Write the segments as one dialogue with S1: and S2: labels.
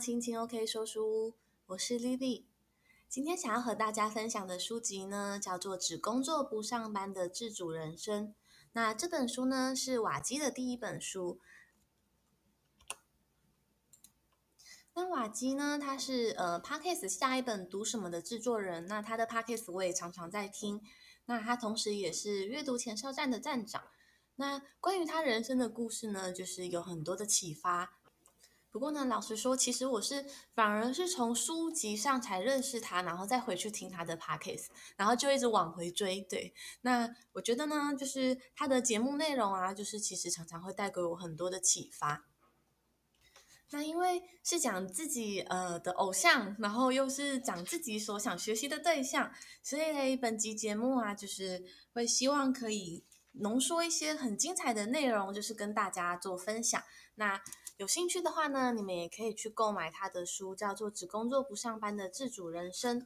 S1: 親親 OK 說書屋，我是麗麗。今天想要和大家分享的書籍呢，叫做《只工作不上班的自主人生》。那這本書呢，是瓦基的第一本書。那瓦基呢，他是呃 Podcast 下一本讀什麼的制作人。那他的 Podcast 我也常常在聽。那他同時也是閱讀前哨站的站長。那關於他人生的故事呢，就是有很多的啟發。不過呢，老實說，其實我是反而是從書籍上才認識他，然後再回去聽他的 podcast，然後就一直往回追。對，那我覺得呢，就是他的節目內容啊，就是其實常常會帶給我很多的啟發。那因為是講自己呃的偶像，然後又是講自己所想學習的對象，所以呢，本集節目啊，就是會希望可以，濃縮一些很精彩的內容，就是跟大家做分享。那有興趣的話呢，你們也可以去購買他的書，叫做《只工作不上班的自主人生》。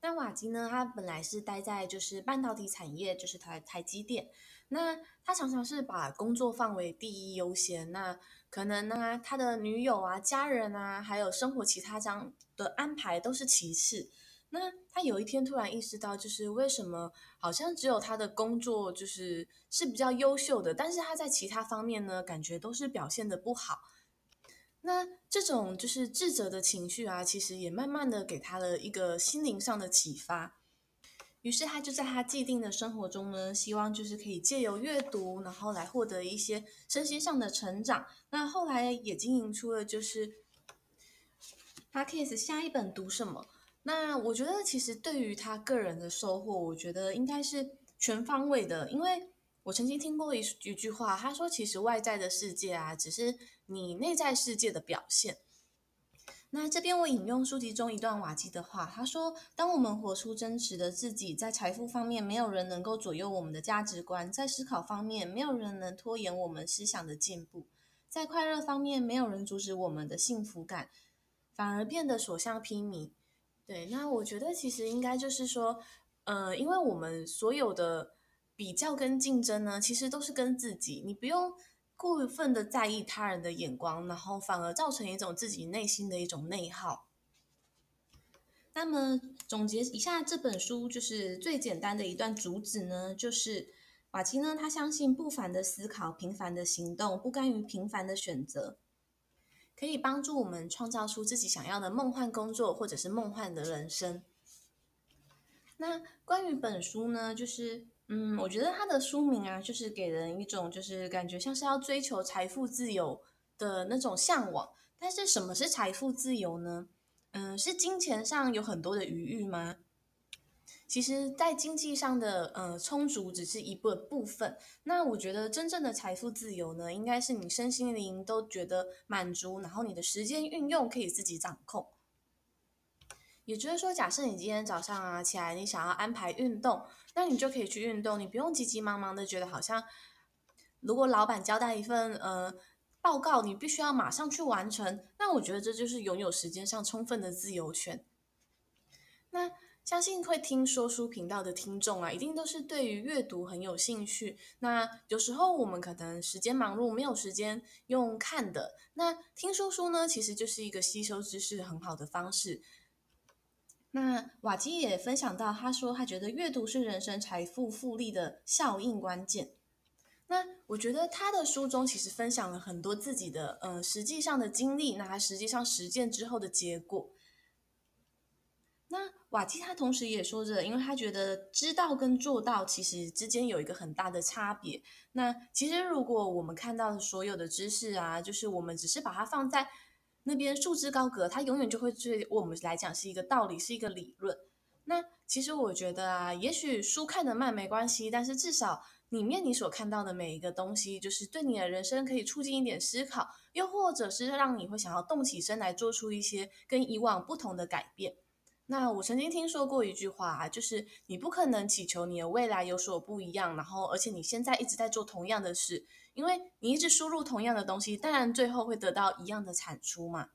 S1: 那瓦基呢，他本來是待在就是半導體產業，就是台台積電。那他常常是把工作放為第一優先，那可能呢，他的女友啊、家人啊，還有生活其他這樣的安排都是其次。那他有一天突然意識到，就是為什麼好像只有他的工作就是是比較優秀的，但是他在其他方面呢，感覺都是表現的不好。那這種就是自責的情緒啊，其實也慢慢的給他了一個心靈上的啟發。於是他就在他既定的生活中呢，希望就是可以借由閱讀，然後來獲得一些身心上的成長。那後來也經營出了就是他 Podcast 下一本讀什麼？那我覺得，其實對於他個人的收穫，我覺得應該是全方位的。因為我曾經聽過一一句話，他說：“其實外在的世界啊，只是你內在世界的表現。”那這邊我引用書籍中一段瓦基的話，他說：“當我們活出真實的自己，在財富方面，沒有人能夠左右我們的價值觀；在思考方面，沒有人能拖延我們思想的進步；在快樂方面，沒有人阻止我們的幸福感，反而變得所向披靡。”對，那我覺得其實應該就是說，呃，因為我們所有的比較跟競爭呢，其實都是跟自己，你不用過分的在意他人的眼光，然後反而造成一種自己內心的一種內耗。那麼總結一下這本書，就是最簡單的一段主旨呢，就是瓦基呢，他相信不凡的思考，平凡的行動，不甘於平凡的選擇，可以幫助我們創造出自己想要的夢幻工作，或者是夢幻的人生。那關於本書呢，就是，嗯，我覺得它的書名啊，就是給人一種就是感覺像是要追求財富自由的那種嚮往。但是什麼是財富自由呢？嗯，是金錢上有很多的餘裕嗎？其實，在經濟上的呃充足只是一部部分，那我覺得真正的財富自由呢，應該是你身心靈都覺得滿足，然後你的時間運用可以自己掌控。也就是說，假設你今天早上啊起來，你想要安排運動，那你就可以去運動，你不用急急忙忙的覺得好像，如果老闆交代一份呃報告，你必須要馬上去完成，那我覺得這就是擁有時間上充分的自由權。那。相信會聽說書頻道的聽眾啊，一定都是對於閱讀很有興趣。那有時候我們可能時間忙碌，沒有時間用看的。那聽說書呢，其實就是一個吸收知識很好的方式。那瓦基也分享到，他說他覺得閱讀是人生財富複利的效應關鍵。那我覺得他的書中其實分享了很多自己的呃實際上的經歷，那他實際上實踐之後的結果。那瓦基他同時也說着，因為他覺得知道跟做到其實之間有一個很大的差別。那其實如果我們看到的所有的知識啊，就是我們只是把它放在那邊束之高閣，它永遠就會對我們來講是一個道理，是一個理論。那其實我覺得啊，也許書看得慢沒關係，但是至少裡面你所看到的每一個東西，就是對你的人生可以促進一點思考，又或者是讓你會想要動起身來做出一些跟以往不同的改變。那我曾經聽說過一句話啊，就是你不可能祈求你的未來有所不一樣，然後而且你現在一直在做同樣的事，因為你一直輸入同樣的東西，當然最後會得到一樣的產出嘛。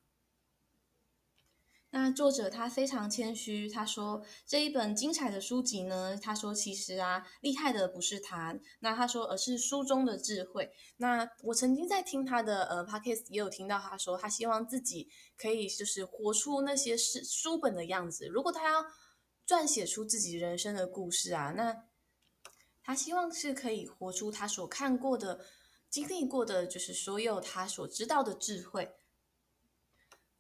S1: 那作者他非常謙虛，他說，這一本精彩的書籍呢，他說，其實啊厲害的不是他，那他說而是書中的智慧。那我曾經在聽他的呃 podcast 也有聽到他說，他希望自己可以就是活出那些書書本的樣子。如果他要撰寫出自己人生的故事啊，那他希望是可以活出他所看過的、經歷過的，就是所有他所知道的智慧。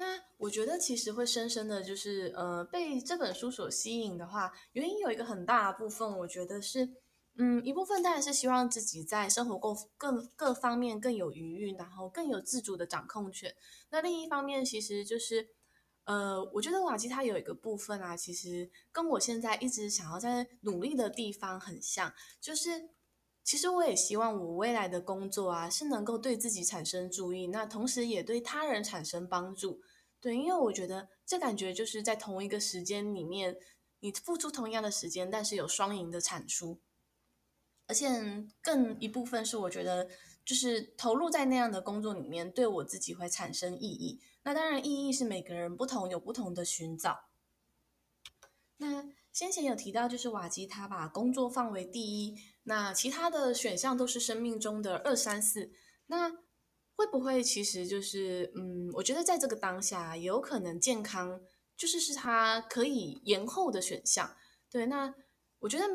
S1: 那我覺得其實會深深的就是呃被這本書所吸引的話，原因有一個很大的部分，我覺得是嗯一部分當然是希望自己在生活更更各，各方面更有餘裕，然後更有自主的掌控權。那另一方面其實就是呃，我覺得瓦基他有一個部分啊，其實跟我現在一直想要在努力的地方很像，就是其實我也希望我未來的工作啊是能夠對自己產生注意，那同時也對他人產生幫助。對，因為我覺得這感覺就是在同一個時間裡面，你付出同樣的時間，但是有雙贏的產出，而且更一部分是我覺得就是投入在那樣的工作裡面，對我自己會產生意義。那當然，意義是每個人不同，有不同的尋找。那先前有提到，就是瓦基他把工作放為第一，那其他的選項都是生命中的二三四。那會不會其實就是，嗯，我覺得在這個當下，也有可能健康就是是他可以延後的選項。對，那我覺得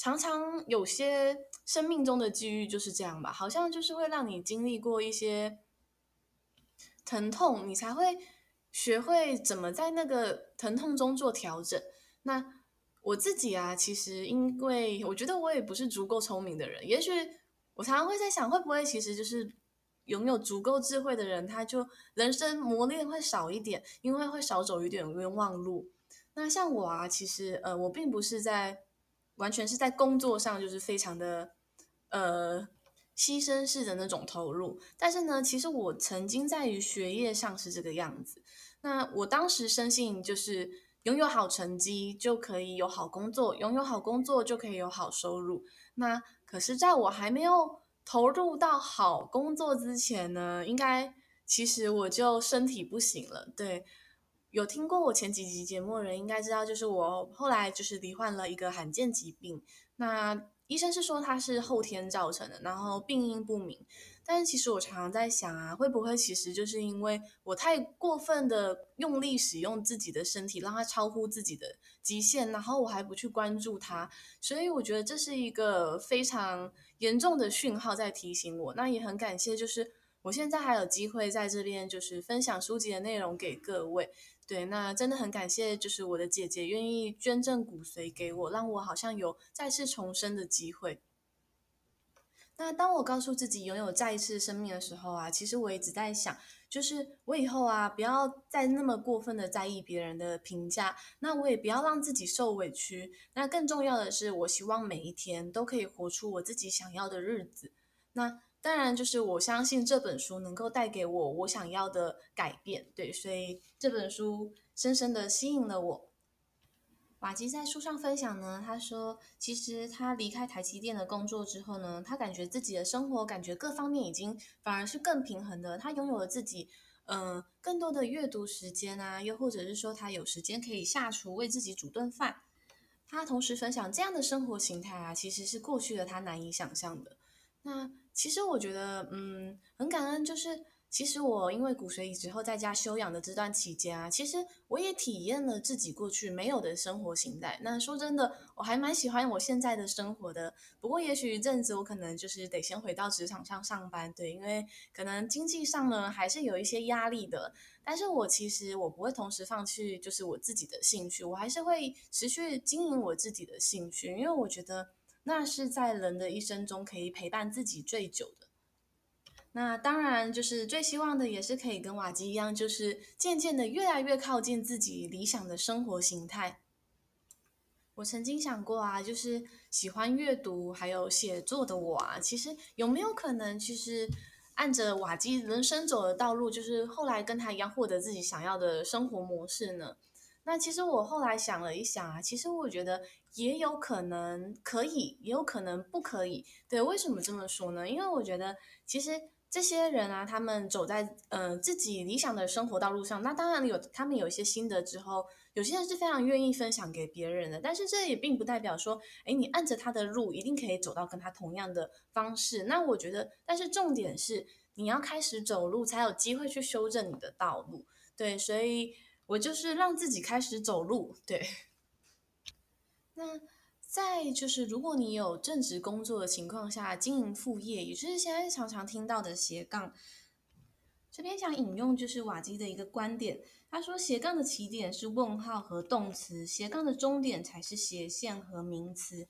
S1: 常常有些生命中的際遇就是這樣吧，好像就是會讓你經歷過一些疼痛，你才會學會怎麼在那個疼痛中做調整。那我自己啊，其實因為我覺得我也不是足夠聰明的人，也許我常常會在想，會不會其實就是。擁有足夠智慧的人，他就人生磨練會少一點，因為會少走一點冤枉路。那像我啊，其實呃，我並不是在完全是在工作上就是非常的呃犧牲式的那種投入，但是呢，其實我曾經在於學業上是這個樣子。那我當時深信就是擁有好成績就可以有好工作，擁有好工作就可以有好收入。那可是在我還沒有。投入到好工作之前呢，應該其實我就身體不行了。對，有聽過我前幾集節目的人應該知道，就是我後來就是罹患了一個罕見疾病。那醫生是說他是後天造成的，然後病因不明。但是其實我常常在想啊，會不會其實就是因為我太過分的用力使用自己的身體，讓它超乎自己的極限，然後我還不去關注它，所以我覺得這是一個非常嚴重的訊號在提醒我。那也很感謝，就是我現在還有機會在這邊就是分享書籍的內容給各位。對，那真的很感謝，就是我的姐姐願意捐贈骨髓給我，讓我好像有再次重生的機會。那當我告訴自己擁有，有再一次生命的時候啊，其實我也一直在想，就是我以後啊，不要再那麼過分的在意別人的評價，那我也不要讓自己受委屈。那更重要的是，我希望每一天都可以活出我自己想要的日子。那當然，就是我相信這本書能夠帶給我我想要的改變，對，所以這本書深深的吸引了我。瓦基在書上分享呢，他說，其實他離開台積電的工作之後呢，他感覺自己的生活感覺各方面已經反而是更平衡的。他擁有了自己，嗯、呃，更多的閱讀時間啊，又或者是說他有時間可以下廚為自己煮頓飯。他同時分享這樣的生活形態啊，其實是過去的他難以想象的。那其實我覺得，嗯，很感恩，就是。其實我因為骨髓移植後在家休養的這段期間啊，其實我也體驗了自己過去沒有的生活形態。那說真的，我還蠻喜歡我現在的生活的。不過也許一陣子，我可能就是得先回到職場上上班，對，因為可能經濟上呢還是有一些壓力的。但是我其實我不會同時放棄，就是我自己的興趣，我還是會持續經營我自己的興趣，因為我覺得那是在人的一生中可以陪伴自己最久的。那當然，就是最希望的也是可以跟瓦基一樣，就是漸漸的越來越靠近自己理想的生活形態。我曾經想過啊，就是喜歡閱讀還有寫作的我啊，其實有沒有可能，其實按着瓦基人生走的道路，就是後來跟他一樣獲得自己想要的生活模式呢？那其實我後來想了一想啊，其實我覺得也有可能，可以，也有可能不可以。對，為什麼這麼說呢？因為我覺得其實。這些人啊，他們走在嗯、呃、自己理想的生活道路上，那當然有他們有一些心得之後，有些人是非常願意分享給別人的。但是這也並不代表說，哎，你按着他的路一定可以走到跟他同樣的方式。那我覺得，但是重點是你要開始走路，才有機會去修正你的道路。對，所以我就是讓自己開始走路。對， 那。在就是，如果你有正職工作的情況下經營副業，也就是現在常常聽到的斜槓。這邊想引用就是瓦基的一個觀點，他說斜槓的起點是問號和動詞，斜槓的終點才是斜線和名詞。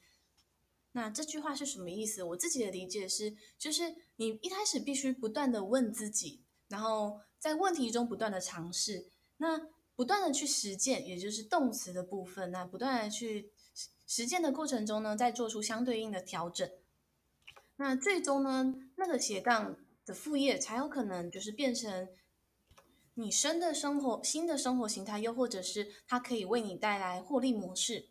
S1: 那這句話是什麼意思？我自己的理解是，就是你一開始必須不斷的問自己，然後在問題中不斷的嘗試，那不斷的去實踐，也就是動詞的部分，那不斷的去。實踐的過程中呢，再做出相對應的調整。那最終呢，那個斜槓的副業才有可能就是變成你生的生活、新的生活形態，又，又或者是它可以為你帶來獲利模式。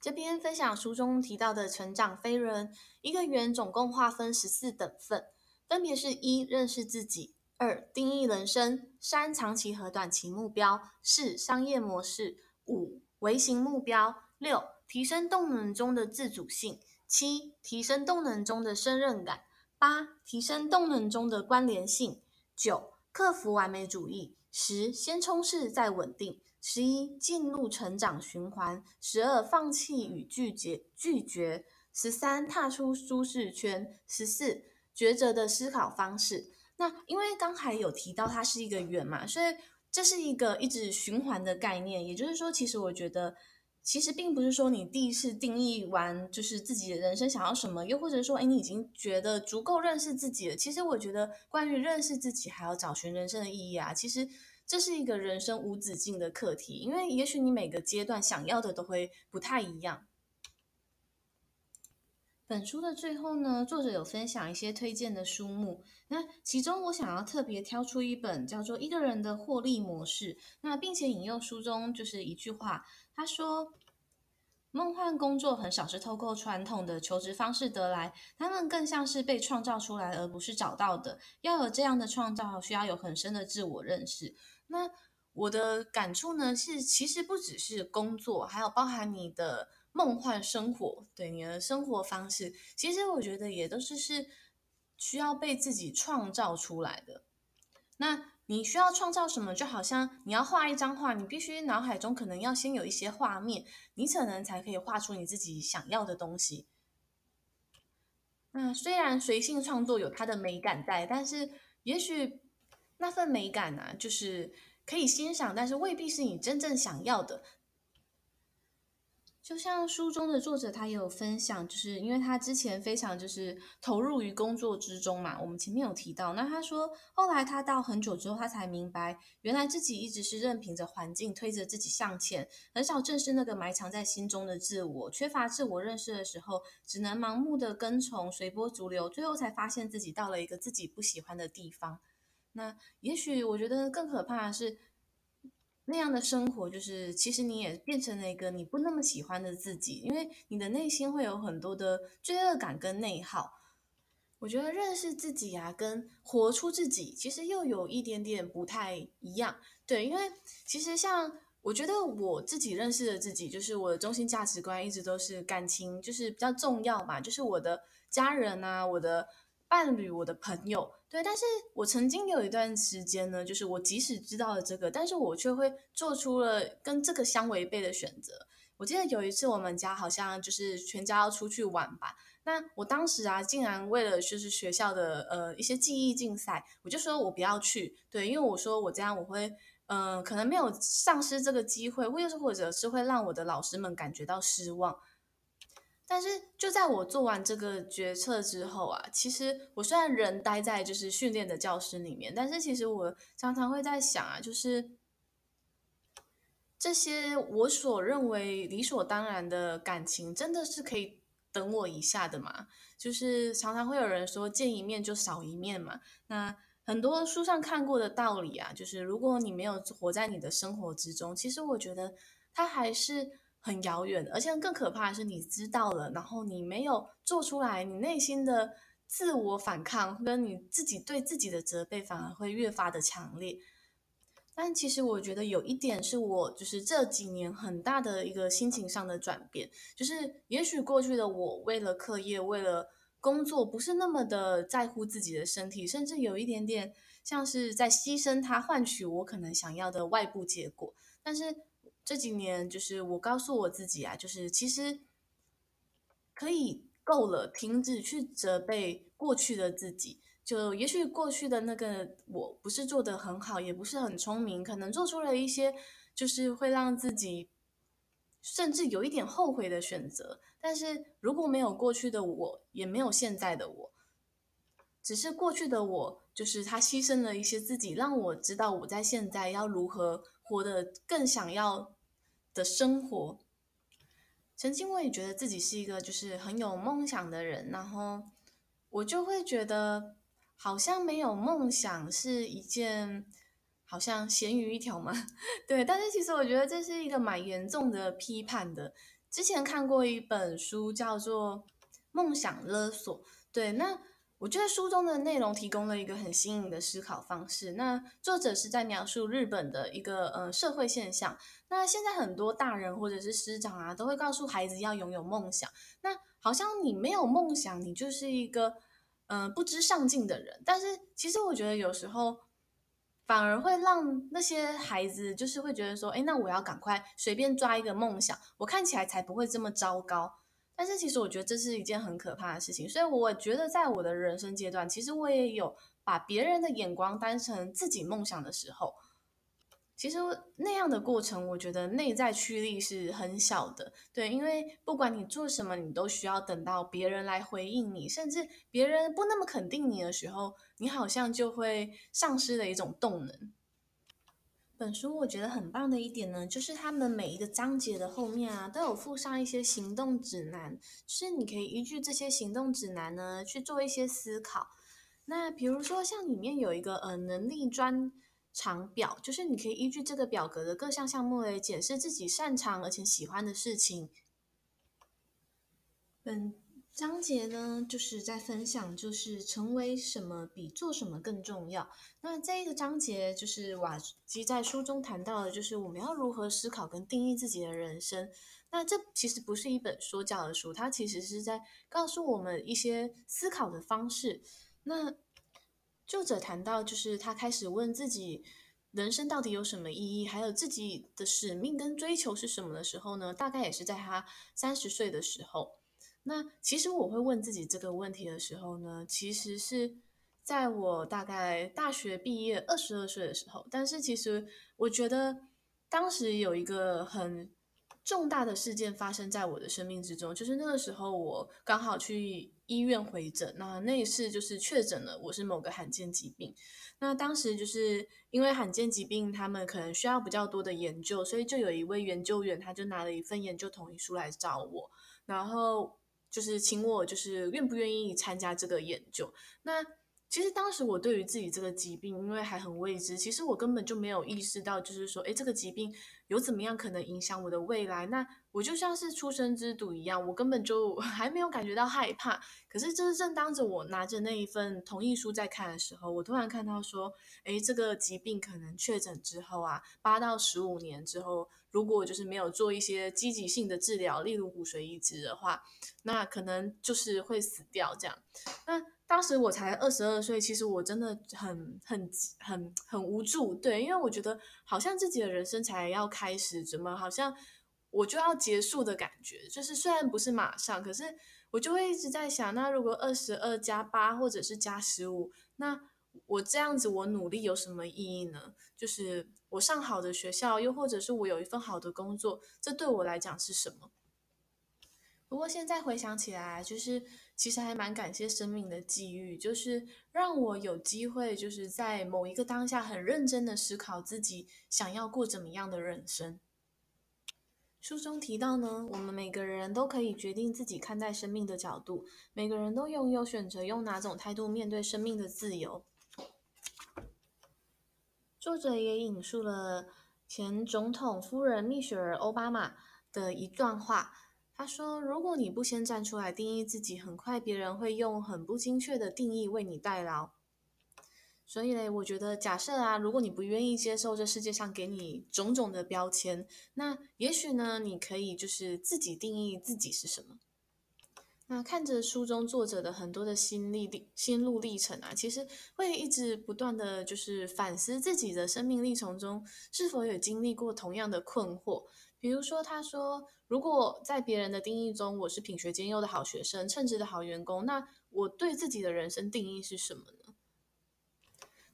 S1: 這邊分享書中提到的成長飛輪，一個圓總共劃分十四等份，分別是一認識自己，二定義人生，三長期和短期目標，四商業模式。五、微型目標；六、提升動能中的自主性；七、提升動能中的勝任感；八、提升動能中的關聯性；九、克服完美主義；十、先衝刺再穩定；十一、進入成長循環；十二、放棄與拒絕拒絕；十三、踏出舒適圈；十四、抉擇的思考方式。那因為剛才有提到它是一個圓嘛，所以。這是一個一直循環的概念，也就是說，其實我覺得，其實並不是說你第一次定義完就是自己的人生想要什麼，又或者說，哎，你已經覺得足夠認識自己了。其實我覺得，關於認識自己還有找尋人生的意義啊，其實這是一個人生無止境的課題，因為也許你每個階段想要的都會不太一樣。本書的最後呢，作者有分享一些推薦的書目。那其中我想要特別挑出一本叫做《一個人的獲利模式》。那並且引用書中就是一句話，他說：“夢幻工作很少是透過傳統的求職方式得來，他們更像是被創造出來，而不是找到的。要有這樣的創造，需要有很深的自我認識。”那我的感觸呢是，其實不只是工作，還有包含你的。夢幻生活，對你的生活方式，其實我覺得也都是是需要被自己創造出來的。那你需要創造什麼？就好像你要畫一張畫，你必須腦海中可能要先有一些畫面，你可能才可以畫出你自己想要的東西。那雖然隨性創作有它的美感在，但是也許那份美感啊，就是可以欣賞，但是未必是你真正想要的。就像書中的作者，他也有分享，就是因為他之前非常就是投入於工作之中嘛。我們前面有提到，那他說後來他到很久之後，他才明白，原來自己一直是任憑着環境推着自己向前，很少正視那個埋藏在心中的自我。缺乏自我認識的時候，只能盲目的跟從，隨波逐流，最後才發現自己到了一個自己不喜歡的地方。那也許我覺得更可怕的是。那樣的生活，就是其實你也變成了一個你不那麼喜歡的自己，因為你的內心會有很多的罪惡感跟內耗。我覺得認識自己啊，跟活出自己，其實又有一點點不太一樣。對，因為其實像我覺得我自己認識的自己，就是我的中心價值觀一直都是感情就是比較重要嘛，就是我的家人啊，我的。伴侶，我的朋友，對，但是我曾經有一段時間呢，就是我即使知道了這個，但是我卻會做出了跟這個相違背的選擇。我記得有一次，我們家好像就是全家要出去玩吧，那我當時啊，竟然為了就是學校的呃一些記憶競賽，我就說我不要去，對，因為我說我這樣我會，嗯、呃、可能沒有喪失這個機會，或者或者是會讓我的老師們感覺到失望。但是，就在我做完這個決策之後啊，其實我雖然人待在就是訓練的教室裡面，但是其實我常常會在想啊，就是這些我所認為理所當然的感情，真的是可以等我一下的嗎？就是常常會有人說見一面就少一面嘛。那很多書上看過的道理啊，就是如果你沒有活在你的生活之中，其實我覺得它還是很遙遠，而且更可怕的是，你知道了，然後你沒有做出來，你內心的自我反抗，跟你自己對自己的責備反而會越發的強烈。但其實我覺得有一點是我就是這幾年很大的一個心情上的轉變，就是也許過去的我為了課業、為了工作，不是那麼的在乎自己的身體，甚至有一點點像是在犧牲它換取我可能想要的外部結果，但是這幾年就是我告訴我自己啊，就是其實可以夠了，停止去責備過去的自己。就也許過去的那個我不是做的很好，也不是很聰明，可能做出了一些就是會讓自己甚至有一點後悔的選擇。但是如果沒有過去的我，也沒有現在的我，只是過去的我就是他犧牲了一些自己，讓我知道我在現在要如何活得更想要的生活，曾經我也覺得自己是一個就是很有夢想的人，然後我就會覺得好像沒有夢想是一件好像鹹魚一條嘛，對。但是其實我覺得這是一個蠻嚴重的批判的。之前看過一本書叫做《夢想勒索》，對，那。我覺得書中的內容提供了一個很新穎的思考方式。那作者是在描述日本的一個呃社會現象。那現在很多大人或者是師長啊，都會告訴孩子要擁有夢想。那好像你沒有夢想，你就是一個嗯、呃、不知上進的人。但是其實我覺得有時候反而會讓那些孩子就是會覺得說，誒，那我要趕快隨便抓一個夢想，我看起來才不會這麼糟糕。但是其實我覺得這是一件很可怕的事情，所以我覺得在我的人生階段，其實我也有把別人的眼光當成自己夢想的時候。其實那樣的過程，我覺得內在驅力是很小的，對，因為不管你做什麼，你都需要等到別人來回應你，甚至別人不那麼肯定你的時候，你好像就會喪失了一種動能。本書我覺得很棒的一點呢，就是他們每一個章節的後面啊，都有附上一些行動指南，就是你可以依據這些行動指南呢去做一些思考。那比如說像裡面有一個呃能力專長表，就是你可以依據這個表格的各項項目來解釋自己擅長而且喜歡的事情。嗯。章節呢，就是在分享，就是成為什麼比做什麼更重要。那這一個章節就是瓦基在書中談到的，就是我們要如何思考跟定義自己的人生。那這其實不是一本說教的書，它其實是在告訴我們一些思考的方式。那作者談到，就是他開始問自己人生到底有什麼意義，還有自己的使命跟追求是什麼的時候呢，大概也是在他三十歲的時候。那其實我會問自己這個問題的時候呢，其實是在我大概大學畢業二十二歲的時候。但是其實我覺得當時有一個很重大的事件發生在我的生命之中，就是那個時候我剛好去醫院回診，那那一次就是確診了我是某個罕見疾病。那當時就是因為罕見疾病，他們可能需要比較多的研究，所以就有一位研究員他就拿了一份研究同意書來找我，然後。就是請我，就是願不願意參加這個研究？那其實當時我對於自己這個疾病，因為還很未知，其實我根本就沒有意識到，就是說，誒，這個疾病有怎麼樣可能影響我的未來？那我就像是初生之犢一樣，我根本就還沒有感覺到害怕。可是，這正當着我拿着那一份同意書在看的時候，我突然看到說，誒，這個疾病可能確診之後啊，八到十五年之後。如果就是沒有做一些積極性的治療，例如骨髓移植的話，那可能就是會死掉這樣。那當時我才二十二歲，其實我真的很很很很無助，對，因為我覺得好像自己的人生才要開始，怎麼好像我就要結束的感覺。就是雖然不是馬上，可是我就會一直在想，那如果二十二加八或者是加十五，15, 那我這樣子我努力有什麼意義呢？就是。我上好的學校，又或者是我有一份好的工作，這對我來講是什麼？不過現在回想起來，就是其實還蠻感謝生命的際遇，就是讓我有機會，就是在某一個當下很認真的思考自己想要過怎麼樣的人生。書中提到呢，我們每個人都可以決定自己看待生命的角度，每個人都擁有選擇用哪種態度面對生命的自由。作者也引述了前總統夫人蜜雪兒奧巴馬的一段話，她說：“如果你不先站出來定義自己，很快別人會用很不精確的定義為你代勞。”所以呢，我覺得假設啊，如果你不願意接受這世界上給你種種的標籤，那也許呢，你可以就是自己定義自己是什麼。那看着書中作者的很多的心歷歷心路歷程啊,其實會一直不斷的，就是反思自己的生命歷程中是否有經歷過同樣的困惑。比如說，他說：“如果在別人的定義中，我是品學兼優的好學生，稱職的好員工，那我對自己的人生定義是什麼呢？”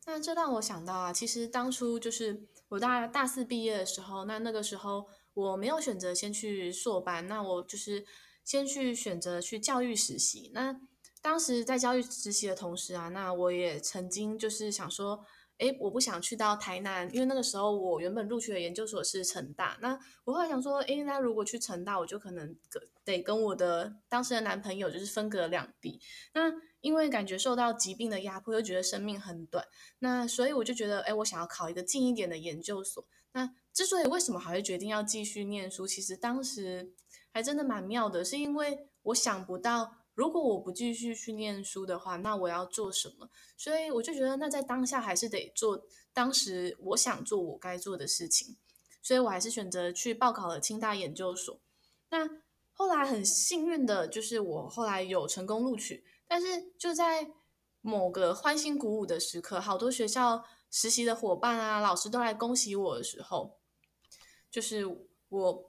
S1: 那這讓我想到啊，其實當初就是我大大四畢業的時候，那那個時候我沒有選擇先去碩班，那我就是。先去選擇去教育實習。那當時在教育實習的同時啊，那我也曾經就是想說，誒，我不想去到台南，因為那個時候我原本入學的研究所是成大。那我後來想說，誒，那如果去成大，我就可能得跟我的當時的男朋友就是分隔兩地。那因為感覺受到疾病的壓迫，又覺得生命很短，那所以我就覺得，誒，我想要考一個近一點的研究所。那之所以為什麼還會決定要繼續念書，其實當時。還真的蠻妙的，是因為我想不到，如果我不繼續去念書的話，那我要做什麼？所以我就覺得，那在當下還是得做當時我想做我該做的事情，所以我還是選擇去報考了清大研究所。那後來很幸運的，就是我後來有成功錄取。但是就在某個歡欣鼓舞的時刻，好多學校實習的夥伴啊、老師都來恭喜我的時候，就是我。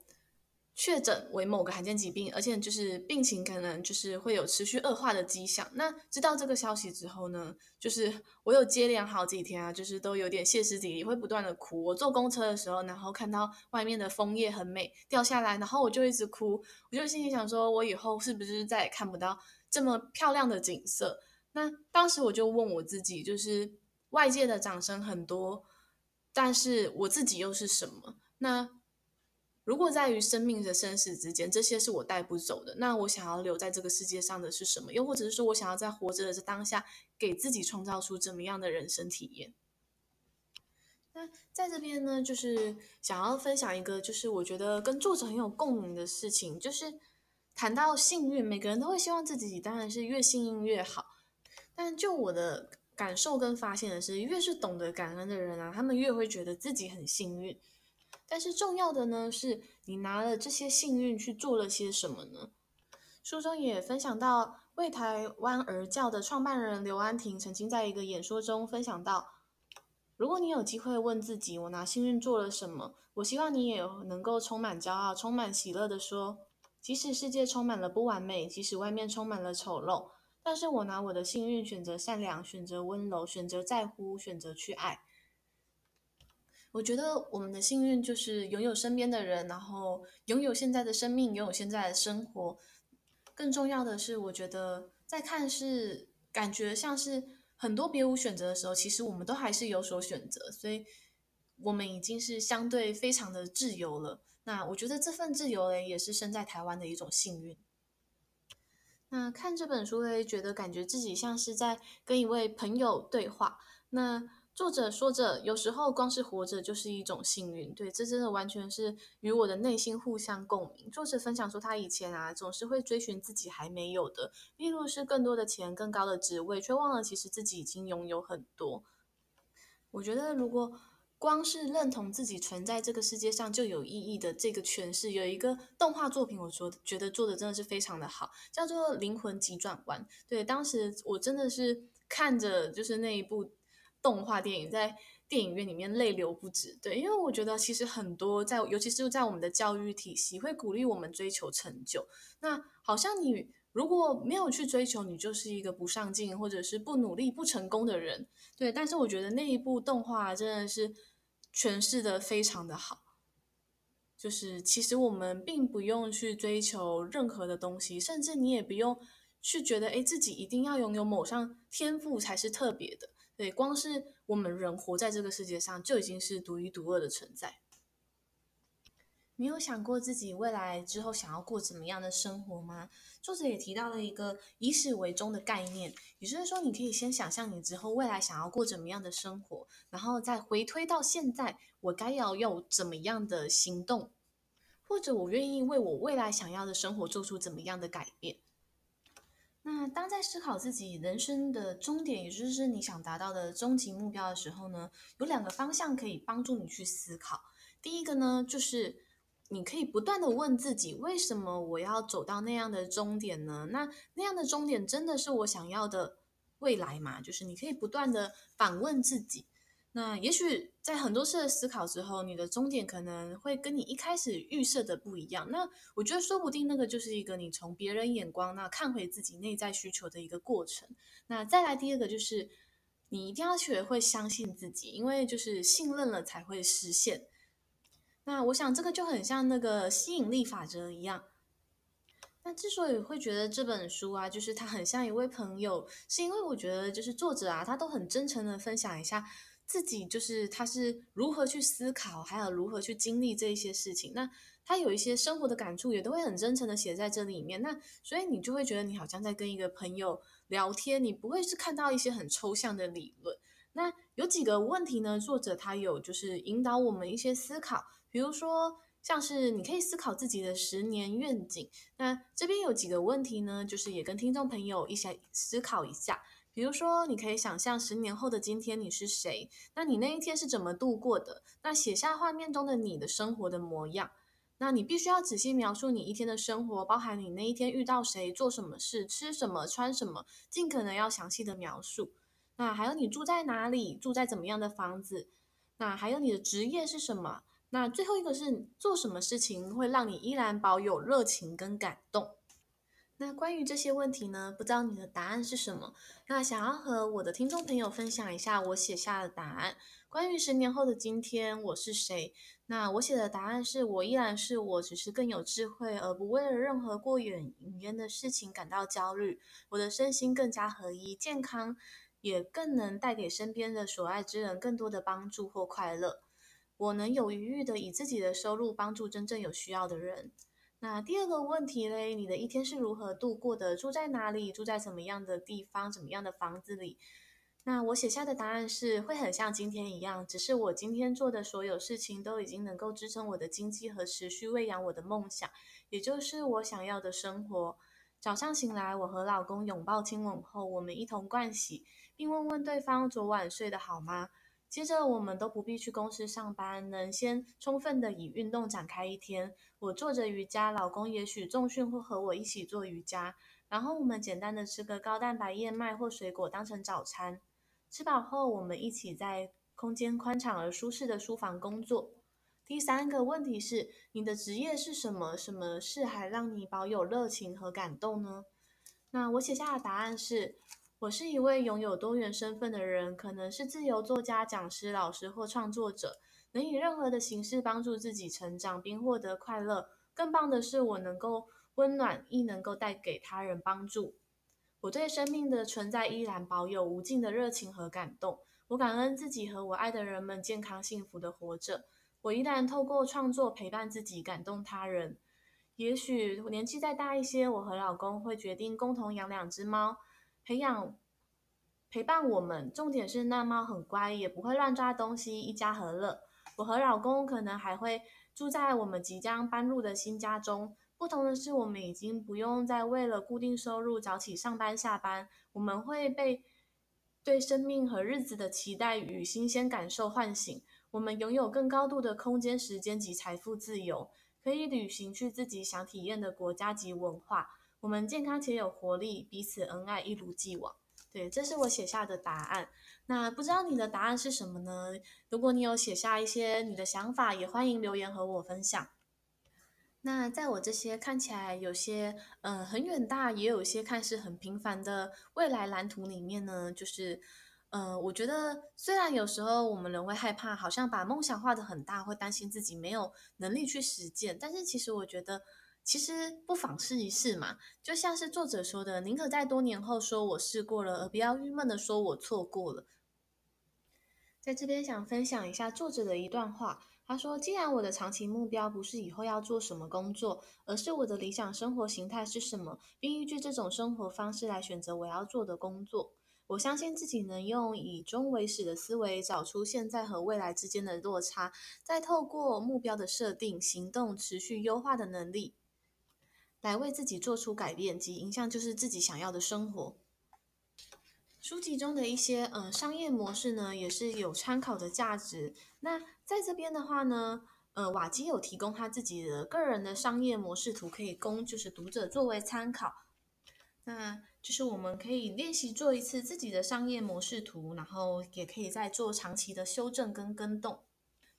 S1: 確診為某個罕見疾病，而且就是病情可能就是會有持續惡化的跡象。那知道這個消息之後呢，就是我有接連好幾天啊，就是都有點歇斯底里，會不斷的哭。我坐公車的時候，然後看到外面的楓葉很美，掉下來，然後我就一直哭，我就心裡想說，我以後是不是再也看不到這麼漂亮的景色？那當時我就問我自己，就是外界的掌聲很多，但是我自己又是什麼？那，如果在於生命的生死之間，這些是我帶不走的。那我想要留在這個世界上的是什麼？又或者是說，我想要在活着的當下，給自己創造出怎麼樣的人生體驗？那在這邊呢，就是想要分享一個，就是我覺得跟作者很有共鳴的事情，就是談到幸運，每個人都會希望自己當然是越幸運越好。但就我的感受跟發現的是，越是懂得感恩的人啊，他們越會覺得自己很幸運。但是重要的呢，是你拿了這些幸運去做了些什麼呢？書中也分享到，為台灣而教的創辦人劉安婷曾經在一個演說中分享到，如果你有機會問自己，我拿幸運做了什麼，我希望你也能夠充滿驕傲、充滿喜樂地說，即使世界充滿了不完美，即使外面充滿了醜陋，但是我拿我的幸運選擇善良，選擇溫柔，選擇在乎，選擇去愛。我覺得我們的幸運就是擁有身邊的人，然後擁有現在的生命，擁有現在的生活。更重要的是，我覺得在看是感覺像是很多別無選擇的時候，其實我們都還是有所選擇，所以我們已經是相對非常的自由了。那我覺得這份自由嘞，也是身在台灣的一種幸運。那看這本書嘞，也覺得感覺自己像是在跟一位朋友對話。那。作者說着，有時候光是活着就是一種幸運。對，這真的完全是與我的內心互相共鳴。作者分享說，他以前啊，總是會追尋自己還沒有的，例如是更多的錢、更高的職位，卻忘了其實自己已經擁有很多。我覺得，如果光是認同自己存在這個世界上就有意義的這個詮釋，有一個動畫作品我說，我覺得覺得做的真的是非常的好，叫做《靈魂急轉彎》。對，當時我真的是看着就是那一部。動畫電影在電影院裡面淚流不止，對，因為我覺得其實很多在，尤其是在我們的教育體系，會鼓勵我們追求成就。那好像你如果沒有去追求，你就是一個不上進或者是不努力、不成功的人，對。但是我覺得那一部動畫真的是詮釋得非常的好，就是其實我們並不用去追求任何的東西，甚至你也不用去覺得，誒自己一定要擁有某項天賦才是特別的。對，光是我們人活在這個世界上，就已經是獨一無二的存在。你有想過自己未來之後想要過怎麼樣的生活嗎？作者也提到了一個以始為終的概念，也就是說，你可以先想象你之後未來想要過怎麼樣的生活，然後再回推到現在，我該要有怎麼樣的行動，或者我願意為我未來想要的生活做出怎麼樣的改變。那當在思考自己人生的終點，也就是你想達到的終極目標的時候呢，有兩個方向可以幫助你去思考。第一個呢，就是你可以不斷的問自己，為什麼我要走到那樣的終點呢？那那樣的終點真的是我想要的未來嗎？就是你可以不斷的反問自己。那也許在很多次的思考之後，你的終點可能會跟你一開始預設的不一樣。那我覺得說不定那個就是一個你從別人眼光那看回自己內在需求的一個過程。那再來第二個就是，你一定要學會相信自己，因為就是信任了才會實現。那我想這個就很像那個吸引力法則一樣。那之所以會覺得這本書啊，就是它很像一位朋友，是因為我覺得就是作者啊，他都很真誠的分享一下。自己就是他是如何去思考，還有如何去經歷這一些事情，那他有一些生活的感觸，也都會很真誠的寫在這裡面。那所以你就會覺得你好像在跟一個朋友聊天，你不會是看到一些很抽象的理論。那有幾個問題呢，作者他有就是引導我們一些思考，比如說像是你可以思考自己的十年願景。那這邊有幾個問題呢，就是也跟聽眾朋友一起思考一下。比如說，你可以想象十年後的今天，你是誰？那你那一天是怎麼度過的？那寫下畫面中的你的生活的模樣。那你必須要仔細描述你一天的生活，包含你那一天遇到誰、做什麼事、吃什麼、穿什麼，盡可能要詳細的描述。那還有你住在哪裡，住在怎麼樣的房子？那還有你的職業是什麼？那最後一個是做什麼事情會讓你依然保有熱情跟感動？那關於這些問題呢？不知道你的答案是什麼？那想要和我的聽眾朋友分享一下我寫下的答案。關於十年後的今天我是誰？那我寫的答案是我依然是我，只是更有智慧，而不為了任何過於遙遠的事情感到焦慮。我的身心更加合一，健康，也更能帶給身邊的所愛之人更多的幫助或快樂。我能有餘裕地以自己的收入幫助真正有需要的人。那第二個問題嘞，你的一天是如何度過的？住在哪裡？住在什麼樣的地方？怎麼樣的房子裡？那我寫下的答案是，會很像今天一樣，只是我今天做的所有事情都已經能夠支撐我的經濟和持續餵養我的夢想，也就是我想要的生活。早上醒來，我和老公擁抱親吻後，我們一同盥洗，並問問對方昨晚睡得好嗎？接着，我們都不必去公司上班，能先充分的以運動展開一天。我做着瑜伽，老公也許重訓或和我一起做瑜伽。然後我們簡單的吃個高蛋白燕麥或水果當成早餐。吃飽後，我們一起在空間寬敞而舒適的書房工作。第三個問題是，你的職業是什麼？什麼事還讓你保有熱情和感動呢？那我寫下的答案是。我是一位擁有多元身份的人，可能是自由作家、講師、老師或創作者，能以任何的形式幫助自己成長並獲得快樂。更棒的是，我能夠溫暖，亦能夠帶給他人幫助。我對生命的存在依然保有無盡的熱情和感動。我感恩自己和我愛的人們健康幸福地活着。我依然透過創作陪伴自己，感動他人。也許年紀再大一些，我和老公會決定共同養兩隻貓。培養陪伴我們，重點是那貓很乖，也不會亂抓東西，一家和樂。我和老公可能還會住在我們即將搬入的新家中。不同的是，我們已經不用再為了固定收入早起上班下班。我們會被對生命和日子的期待與新鮮感受喚醒。我們擁有更高度的空間、時間及財富自由，可以旅行去自己想體驗的國家及文化。我們健康且有活力，彼此恩愛，一如既往。對，這是我寫下的答案。那不知道你的答案是什麼呢？如果你有寫下一些你的想法，也歡迎留言和我分享。那在我這些看起來有些嗯、呃、很遠大，也有些看似很平凡的未來藍圖裡面呢，就是嗯、呃，我覺得雖然有時候我們人會害怕，好像把夢想畫得很大，會擔心自己沒有能力去實踐，但是其實我覺得。其實不妨試一試嘛，就像是作者說的：“寧可在多年後說我試過了，而不要鬱悶的說我錯過了。”在這邊想分享一下作者的一段話，他說：“既然我的長期目標不是以後要做什麼工作，而是我的理想生活形態是什麼，並依據這種生活方式來選擇我要做的工作。我相信自己能用以終為始的思維找出現在和未來之間的落差，再透過目標的設定、行動持續優化的能力。”來為自己做出改變及影響，就是自己想要的生活。書籍中的一些嗯、呃、商業模式呢，也是有參考的價值。那在這邊的話呢，呃，瓦基有提供他自己的個人的商業模式圖，可以供就是讀者作為參考。那就是我們可以練習做一次自己的商業模式圖，然後也可以再做長期的修正跟更動。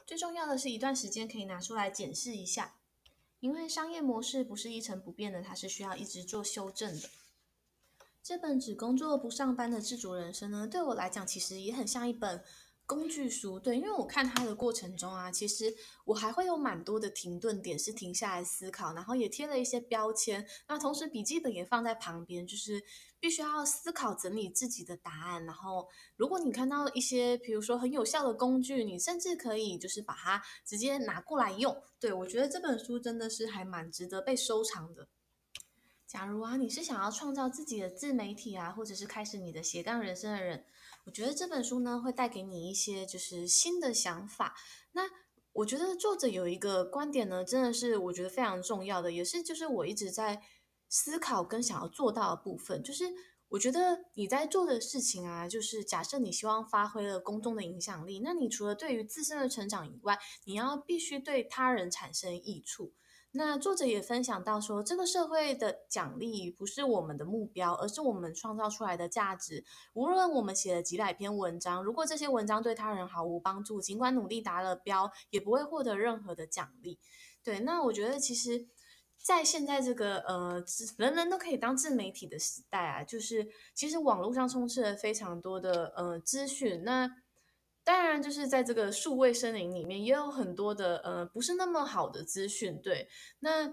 S1: 最重要的是一段時間可以拿出來檢視一下。因為商業模式不是一成不變的，它是需要一直做修正的。這本《只工作、不上班的自主人生》呢，對我來講其實也很像一本工具書。對，因為我看它的過程中啊，其實我還會有蠻多的停頓點，是停下來思考，然後也貼了一些標籤。那同時筆記本也放在旁邊，就是。必須要思考整理自己的答案，然後如果你看到一些，比如說很有效的工具，你甚至可以就是把它直接拿過來用。對，我覺得這本書真的是還蠻值得被收藏的。假如啊，你是想要創造自己的自媒體啊，或者是開始你的斜槓人生的人，我覺得這本書呢會帶給你一些就是新的想法。那我覺得作者有一個觀點呢，真的是我覺得非常重要的，也是就是我一直在思考跟想要做到的部分，就是我覺得你在做的事情啊，就是假設你希望發揮了公眾的影響力，那你除了對於自身的成長以外，你要必須對他人產生益處。那作者也分享到說，這個社會的獎勵不是我們的目標，而是我們創造出來的價值。無論我們寫了幾百篇文章，如果這些文章對他人毫無幫助，儘管努力達了標，也不會獲得任何的獎勵。對，那我覺得其實。在現在這個呃，人人都可以當自媒體的時代啊，就是其實網絡上充斥了非常多的呃資訊。那當然，就是在這個數位森林裡面，也有很多的呃不是那麼好的資訊。對，那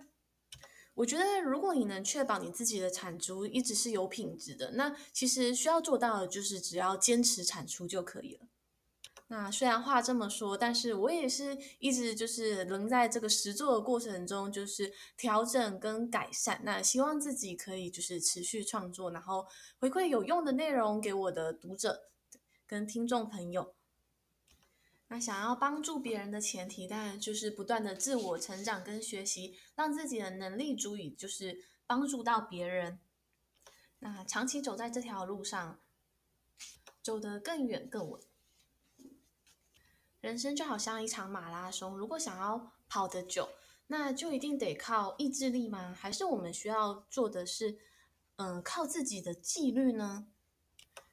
S1: 我覺得如果你能確保你自己的產出一直是有品質的，那其實需要做到的就是只要堅持產出就可以了。那雖然話這麼說，但是我也是一直就是能在這個實做的過程中，就是調整跟改善。那希望自己可以就是持續創作，然後回饋有用的內容給我的讀者跟聽眾朋友。那想要幫助別人的前提，當然就是不斷的自我成長跟學習，讓自己的能力足以就是幫助到別人。那長期走在這條路上，走得更遠更穩。人生就好像一場馬拉松，如果想要跑得久，那就一定得靠意志力嗎？還是我們需要做的是，嗯，靠自己的紀律呢？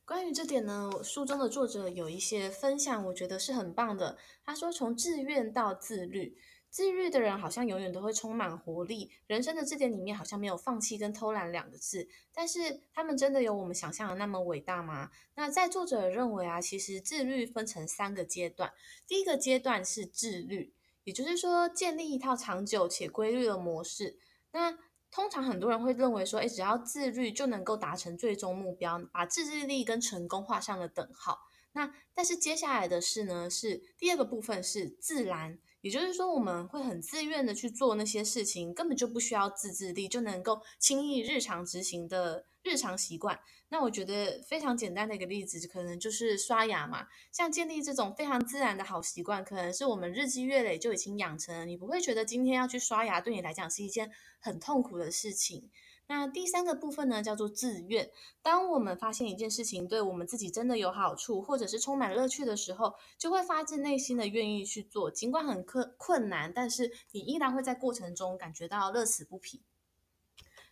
S1: 關於這點呢，書中的作者有一些分享，我覺得是很棒的。他說，從自願到自律。自律的人好像永遠都會充滿活力，人生的字典裡面好像沒有放棄跟偷懶兩個字，但是他們真的有我們想象的那麼偉大嗎？那在作者認為啊，其實自律分成三個階段，第一個階段是自律，也就是說建立一套長久且規律的模式。那通常很多人會認為說，誒，只要自律就能夠達成最終目標，把自制力跟成功畫上了等號。那但是接下來的事呢，是第二個部分是自然。也就是說，我們會很自願的去做那些事情，根本就不需要自制力，就能夠輕易日常執行的日常習慣。那我覺得非常簡單的一個例子，可能就是刷牙嘛。像建立這種非常自然的好習慣，可能是我們日積月累就已經養成了，你不會覺得今天要去刷牙對你來講是一件很痛苦的事情。那第三個部分呢，叫做自願。當我們發現一件事情對我們自己真的有好處，或者是充滿樂趣的時候，就會發自內心的願意去做，盡管很困困難，但是你依然會在過程中感覺到樂此不疲。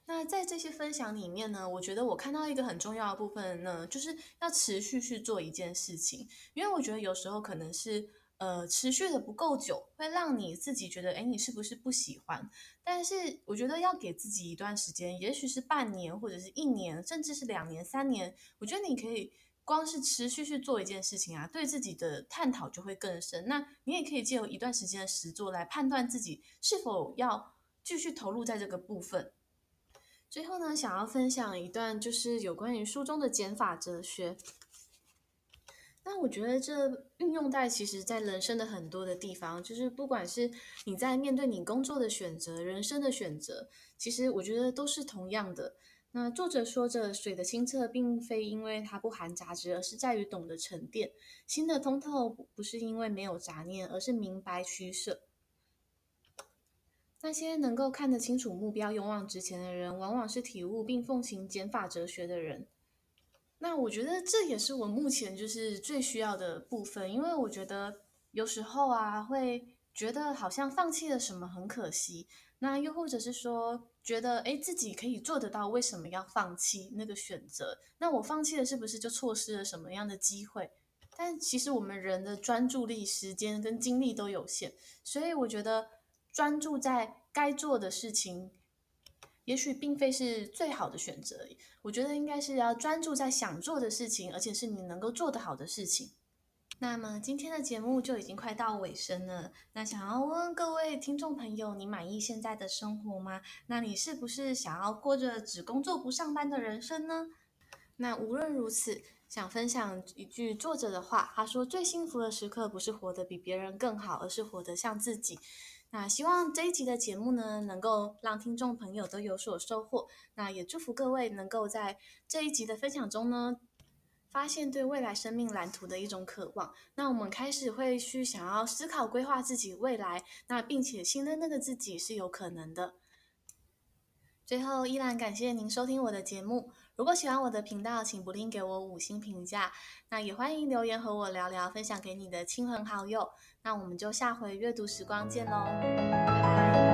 S1: 那在這些分享裡面呢，我覺得我看到一個很重要的部分呢，就是要持續去做一件事情，因為我覺得有時候可能是。呃，持續的不夠久，會讓你自己覺得，哎，你是不是不喜歡？但是我覺得要給自己一段時間，也許是半年，或者是一年，甚至是兩年、三年。我覺得你可以光是持續去做一件事情啊，對自己的探討就會更深。那你也可以借由一段時間的實作來判斷自己是否要繼續投入在這個部分。最後呢，想要分享一段就是有關於書中的減法哲學。那我覺得這運用在其實在人生的很多的地方，就是不管是你在面對你工作的選擇、人生的選擇，其實我覺得都是同樣的。那作者說着，水的清澈並非因為它不含雜質，而是在於懂得沉澱；心的通透不是因為沒有雜念，而是明白取捨。那些能夠看得清楚目標、勇往直前的人，往往是體悟並奉行減法哲學的人。那我覺得這也是我目前就是最需要的部分，因為我覺得有時候啊，會覺得好像放棄了什麼很可惜。那又或者是說，覺得誒自己可以做得到，為什麼要放棄那個選擇？那我放棄了是不是就錯失了什麼樣的機會？但其實我們人的專注力、時間跟精力都有限，所以我覺得專注在該做的事情。也許並非是最好的選擇，我覺得應該是要專注在想做的事情，而且是你能夠做得好的事情。那麼今天的節目就已經快到尾聲了。那想要問問各位聽眾朋友，你滿意現在的生活嗎？那你是不是想要過着只工作不上班的人生呢？那無論如此，想分享一句作者的話，他說：“最幸福的時刻不是活得比別人更好，而是活得像自己。”那希望這一集的節目呢，能夠讓聽眾朋友都有所收穫。那也祝福各位能夠在這一集的分享中呢，發現對未來生命藍圖的一種渴望。那我們開始會去想要思考規劃自己未來，那並且新的那個自己是有可能的。最後，依然感謝您收聽我的節目。如果喜歡我的頻道，請不吝給我五星評價，那也歡迎留言和我聊聊，分享給你的親朋好友。那我們就下回閱讀時光見嘍，拜拜。